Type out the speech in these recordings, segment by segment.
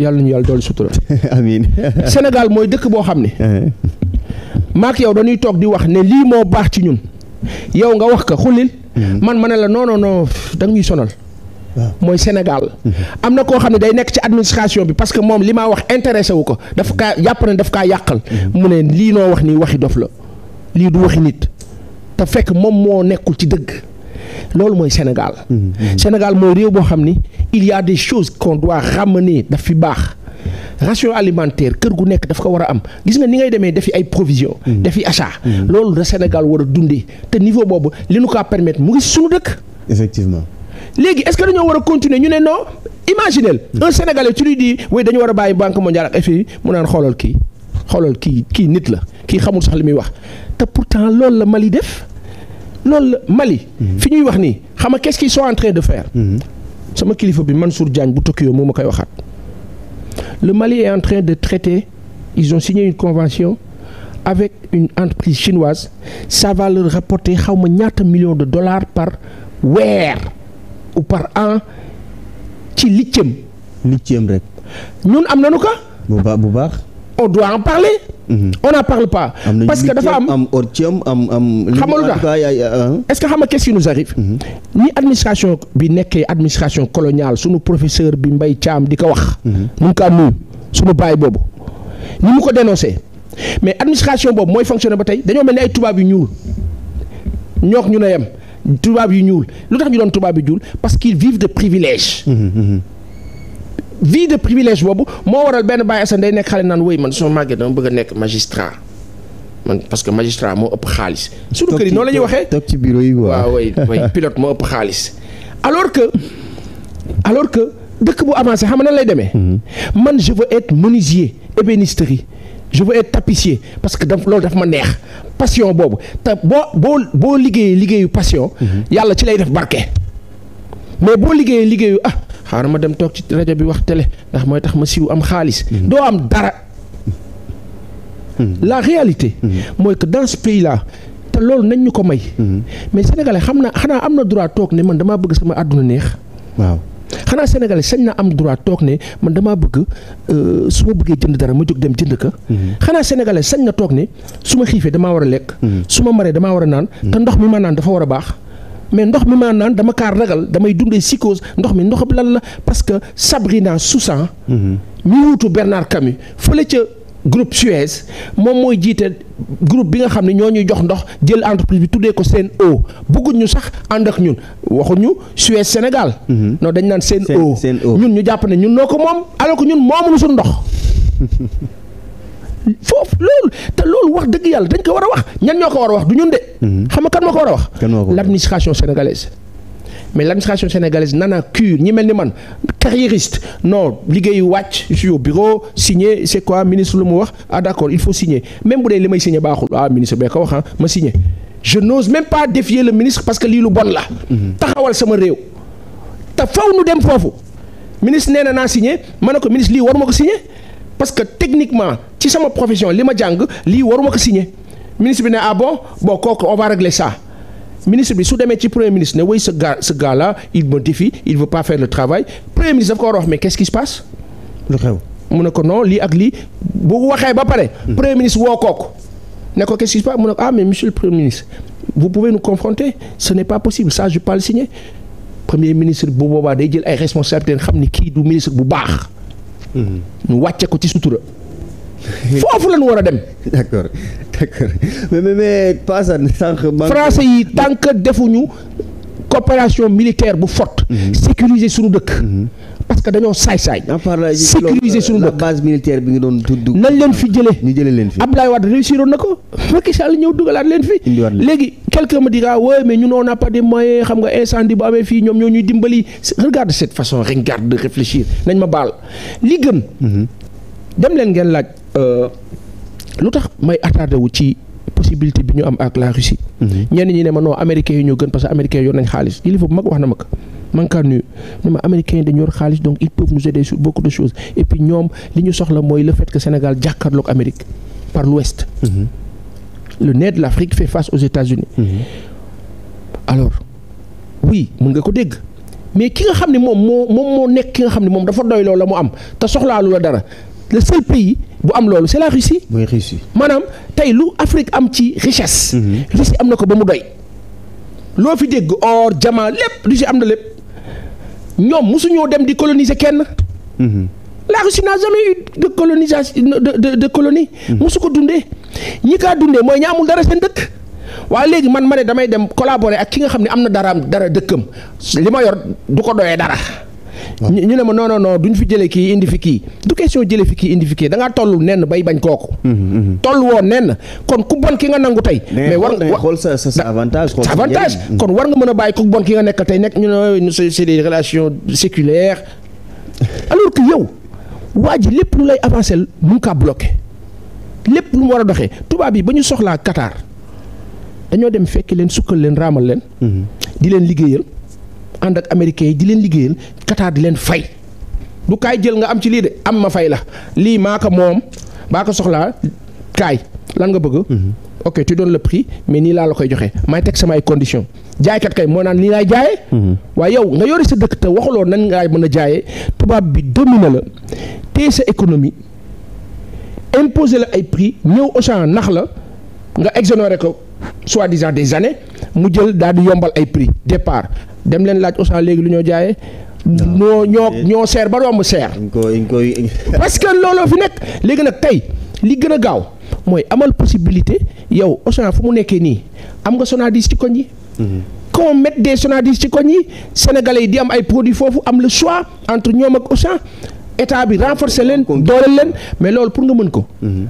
yàlla ñu yàlla dool sutura. amiin Sénégal mooy dëkk boo xam ne. Eh. maak yow dañuy toog di wax ne lii moo baax ci ñun yow nga wax ko xulil. Mm-hmm. man ma ne la non non da ñuy sonal. mooy Sénégal. Mm-hmm. am na koo xam ne day nekk ci administration bi parce que moom li maa wax intéressé wu ko daf kaa yàpp ne daf kaa yàqal. Mm-hmm. mu ne lii noo wax nii waxi dof la lii du waxi nit te fekk moom moo nekkul ci dëgg. loolu mooy Sénégal. Sénégal mooy réew boo xam ni il y a des choses qu'on doit nii daf fi baax. ration alimentaire kër gu nekk daf ko war a am gis nga ni ngay demee defi ay provision defi achat loolu da Sénégal war a dundee te niveau boobu li nu ko a permettre mu ngi suñu dëkk effectivement léegi est-ce que dañoo war a continuer ñu ne non imaginez un Sénégalais tu lui dis oui dañu war a bàyyi Banque mondiale ak FMI mu naan xoolal kii xoolal kii kii nit la kii xamul sax li muy wax te pourtant loolu la Mali def loolu la Mali. Mhm. fi ñuy wax nii xam nga qu'est-ce qu'ils en train de faire. Mhm. sama kilifa bi man Mansour Diagne bu Tokyo moo ma koy waxaat. le Mali est en train de traité ils ont signé une convention avec une entreprise chinoise ça va leur xaw ma ñaata millions de dollars par weer ou par an ci lithium. lithium rek. ñun am nañu ko. bu baax bu baax. on doit en parler. Mhm. on a parle pas. parce que dafa am am ortium am am. xamalu tax euh, est-ce que xam a qu'est-ce qui nous arrive. Mhm. ni administration bi nekkee administration coloniale sunu professeur bi Mbaye Thiam di ko wax. Mhm. mu ngi kaa nuyu sunu baay boobu ni mu ko dénoncé mais administration boobu mooy fonctionner ba tey dañoo mel ni ay tubaab yu ñuul ñook ñu ne yem tubaab yu ñuul lu tax ñu doon tubaab yu ñuul parce que vive de privilèges. Mmh, vie de privilège boobu moo waral benn Baye Assane day nekk xale naan woy man su ma màggee dama bëgg a nekk magistrat man parce que magistrat moo ëpp xaalis. su kër yi noonu la ñuy waxee toog ci bureau yi waaw way way pilote xaalis. alors que alors que dëkk bu avancé xam na lay demee. Mhm. man je veux être menuisier ébénisterie je veux être tapissier que daf loolu daf ma neex passion boobu te boo boo boo liggéeyee liggéeyu passion. Mhm. yàlla ci lay def barke. mais boo liggéeyee liggéeyu ah. xaaral ma dem toog ci rajo bi wax télé ndax mooy tax ma siiw am xaalis. Hmm. doo am dara. Hmm. la réalité. Hmm. mooy que dans ce te loolu nañ ñu ko may. mais sénégalais xam naa xanaa am na droit toog ne man damaa bëgg sama àdduna neex. waaw xanaa sénégalais sañ naa am droit toog ne man damaa bëgg euh, su ma bëggee jënd dara ma jóg dem jënd ka xanaa sénégalais sañ na toog ne su ma xiifee damaa war a lekk. su ma maree damaa war a naan. te ndox mi ma naan dafa war a baax. mais ndox mi maa naan dama kaa ragal damay dundee psychose ndox mi ndox lan la parce que Sabrina Soussan mhm. mi wuutu Bernard kami fële ca groupe Suez moom mooy jiite groupe bi nga xam ne ñoo ñuy jox ndox jël entreprise bi tuddee ko Sen'Eau bëgguñ ñu sax ànd ak ñun waxuñu Suez Sénégal. Mhm. non dañ naan Sen'Eau ñun ñu jàpp nañ ñun noo ko moom alors que ñun moomuñu suñu ndox. foofu loolu te loolu wax dëgg yàlla dañ ko war a wax ñan ñoo ko war a wax du ñun de. Mhm. xam nga kan moo ko war a wax. l' administration sénégalaise. mais l' administration sénégalaise nana cure ñi mel ni man carriériste non liggéeyu wàcc je suis bi bureau signé c' est quoi ministre lu mu wax ah d' accord il faut signer même bu dee li may signé baaxul ah ministre bee ko wax ah ma signé je n'ose même pas défier le ministre parce que lii lu bon la. Mhm. taxawal sama réew. te faw nu dem foofu ministre nee na naa signé ma ne ko ministre lii waruma ko signé parce que techniquement. ci sama profession li ma jàng lii waruma ko signé ministre bi ne ah bon bon kooku on va régler ça ministre bi su demee ci premier ministre ne oui ce gars ce gars là il me défie il veut pas faire le travail premier ministre dafa ko war a wax mais qu'est-ce qui se passe. lu mu ne ko non lii ak lii bu waxee ba pare. Hmm. premier ministre woo kooku ne ko qu'est-ce qui se passe mu ne ko ah mais monsieur le premier ministre vous pouvez nous confronter ce n'est pas possible ça je boobaa day jël ay responsabilités xam ni kii du ministre bu baax. Hmm. ñu wàcce ko ci sutura. foofu lañ war a dem. d' accord d' accord mais mais mais Paasan sànq. français yi tant que defuñu coopération militaire bu forte. Mhm. sécuriser suñu dëkk. Mhm. parce que dañoo saay-saay. sécuriser suñu dëkk base bi nga doon tudd. nañ leen fi jëlee ñu jëlee leen fi. Abdoulaye Wade réussiroon na ko ah. Macky Sall ñëw dugalaat leen fi. indiwaat léegi quelqu'un me dira ouais mais ñun on n'a pas de moyens xam nga incendie bu amee fii ñoom ñoo ñuy dimbali. regarde cette façon regarde de réfléchir nañ ma baal li gën. Mhm. dem leen ngeen laaj. Euh, lu tax may attardé wu ci possibilité bi ñu am ak la Russie. Mhm. ñenn ñi ne ma non américains yi ñoo gën parce que américains yor nañ xaalis yilifa mag wax na ma ko man kaa nuyu ne ma américains dañu yor xaalis donc ils peuvent nous aider sur beaucoup de choses et ñoom li ñu soxla mooy le fait que Sénégal jàkkaarloog Amérique par l'ouest mhm. le nez de l'Afrique fait face aux États-Unis mhm. alors oui mën nga ko dégg mais ki nga xam ne moom moo moom moo nekk ki nga xam ne moom dafa doy la mu am te soxlaalu dara le seul pays bu am loolu c'est la Russie. mooy Russie maanaam tey lu Afrique am ci richesse. Mhm. Russie am na ko ba mu doy. loo fi dégg or diamant lépp Russie am na lépp ñoom mosuñoo dem di coloniser kenn. Mhm. la Russie n'a jamais eu de colonisation mosu mhm. ko dundee ñi kaa dundee mooy ñaamul dara seen dëkk. waaye léegi man ma ne damay dem collaborer ak ki nga xam ne am na daraam dara dëkkam li ma yor du ko doyee dara. ñu ne ma non non non duñ fi jëlee kii indi fi kii du question jëlee fi kii indi fi kii nenn bay bañ kooku. Mm-hmm. toll woon nenn kon ku bon ki nga nangu tey. mais war nga xool sa sa avantage. sa mm-hmm. kon war nga mën a bàyyi ku bon ki nga nekk tey nekk ñu ne c'est des relations séculaires alors que yow waa ji lépp lu lay avancé mu ngi kaa lépp lu mu war a doxee tubaab yi ba ñu soxlaa Qatar dañoo dem fekki leen sukkal leen raamal leen. Mm-hmm. di leen liggéeyal. ànd ak américains yi di leen liggéeyal Qatar di leen fay du kaay jël nga am ci lii de am ma fay la lii maa moom baa ko soxlaa kaay lan nga bëgg. Mhm. ok ti doon le prix mais nii laa la koy joxe may teg sama ay conditions jaaykat kay moo naan nii laay jaayee. Mhm. waaye yow nga yore sa dëkk te waxuloo nan ngay mën a jaaye tubaab bi domine la téye sa économie imposer la ay prix ñëw Auchan nax la nga exonéré ko soi-disant des années mu jël daal di yombal ay prix départ dem leen laaj Auchan léegi lu ñoo jaayee. ñoo ñoo eh. ñoo seer ba romb seer. parce que looloo fi nekk léegi nag tey li gën a gaaw mooy amal possibilité yow Auchan fu mu nekkee nii am nga sonaa Sonadis ci koñ yi. Mhm. qu'on mette des Sonadis ci koñ yi sénégalais yi di am ay produits foofu am la choix entre ñoom ak Auchan état bi renforcer leen. dooleel leen mais loolu pour nga mën ko. Mhm.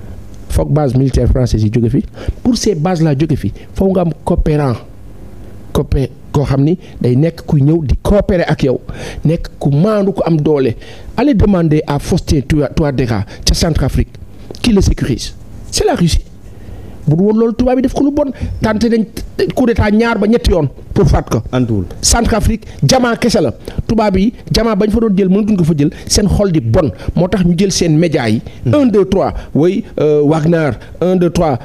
foog base militaire française yi jóge fi pour ces bases laa jóge fi foog nga am coopérant coopé. koo xam ni day nekk kuy ñëw di coopérer ak yow nekk ku maandu ku am doole allez demander à Faustin Touadéra ca Centrafrique qui le sécurise c'est la Russie bu du woon loolu tubaab yi def ko lu bon tante dañ coup d'état ñaar ba ñetti yoon pour faat ko. antuwul Centrafrique jamaa kese la tubaab yi jamaa bañ fa doon jël mënatuñ ko fa jël seen xol di bon moo tax ñu jël seen média yi. 1 2 3 oui euh, Wagner 1 2 3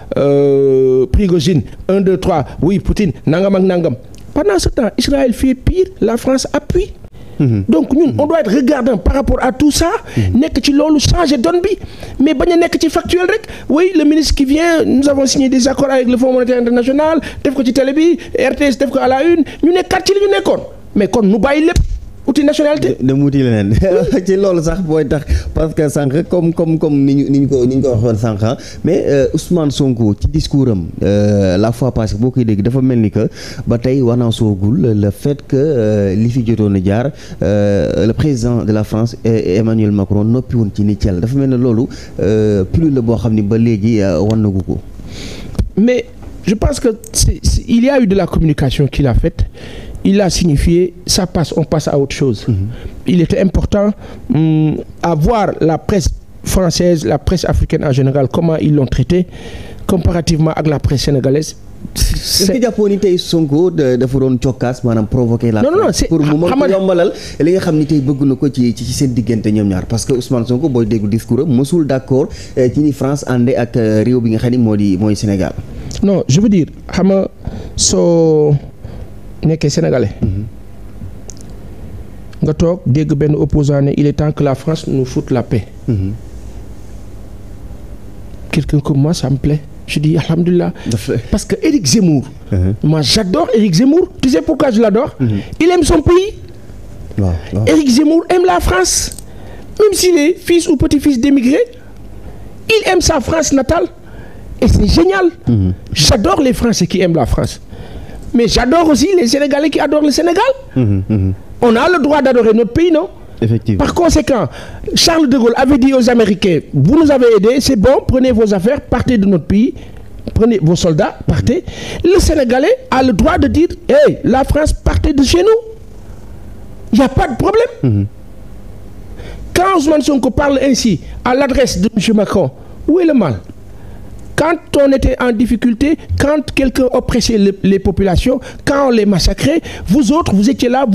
Prigogine 1 2 3 oui Poutine nangam ak nangam. pendant ce temps Israël fait pire la France appuie. Mmh. donc ñun on doit être regardant par rapport à tout ça. Mhm. nekk ci loolu changé donne bi mais bañ nekk ci factuel rek oui le ministre qui vient nous avons signé des accords avec le Fonds monétaire international def ko ci télé bi RTS def ko à la une ñu ne quartier la ñu nekkoon mais kon nu bàyyi lépp. uti nationalité. dem uti leneen ci loolu sax booy tax parce que sànq comme comme ni ñu ni ñu ko ni ñu ko waxoon sànq ah, mais euh, Ousmane Sonko ci discours am euh, la fois parce passée boo koy dégg dafa mel ni que ba tey wax naa soogul le fait que euh, li fi jotoon a jaar le président de la France Emmanuel Macron noppi woon ci ni Thiel dafa mel ne loolu plus la boo xam ni ba léegi wannagu ko. mais je pense que c'est, c'est, il y a de la communication qu'il a faite. il a signifié, ça passe, on passe à autre chose. Mm Il était important mm, la presse française, la presse africaine en général, comment ils l'ont traité, comparativement avec la presse sénégalaise. est-ce que jàppoon ni tey Sonko dafa doon cokkaas maanaam provoquer la. non non c'est pour mu ah, li nga xam ni tey bëgg na ko ci ci seen diggante ñoom ñaar parce que Ousmane Sonko booy déglu discours am mosul d'accord eh, ci ni France àndee ak eh, réew bi nga xam ni moo di mooy Sénégal. non je veux dire xam nekkee sénégalais. nga toog dégg benn opposant ne il est temps que la France nous foute la paix. quelqu'un comme moi ça je dis alhamdulillah parce que Éric Zemmour. Uh-huh. moi j'adore Éric Zemmour tu sais pourquoi uh-huh. il aime son pays. Éric Zemmour aime la France même s'il est fils ou petit-fils d'émigrés il aime sa France natale et c'est génial. Uh-huh. j'adore les Français qui aiment la France. mais j'adore aussi les Sénégalais qui adorent le Sénégal. Mm-hmm, mm-hmm. On a le droit d'adorer notre pays, non? Par conséquent, Charles de Gaulle avait dit aux Américains, vous nous avez aidés, c'est bon, prenez vos affaires, partez de notre pays. Prenez vos soldats, partez. Mm-hmm. Le Sénégalais a le droit de dire, hey, la France, partez de chez nous. Il a pas de problème. Quand Ousmane Sonko parle ainsi à l'adresse de monsieur Macron, où est le mal? Quand on était en difficulté, quand quelqu'un oppressait les, les populations, quand on les massacrait, vous autres, vous étiez là,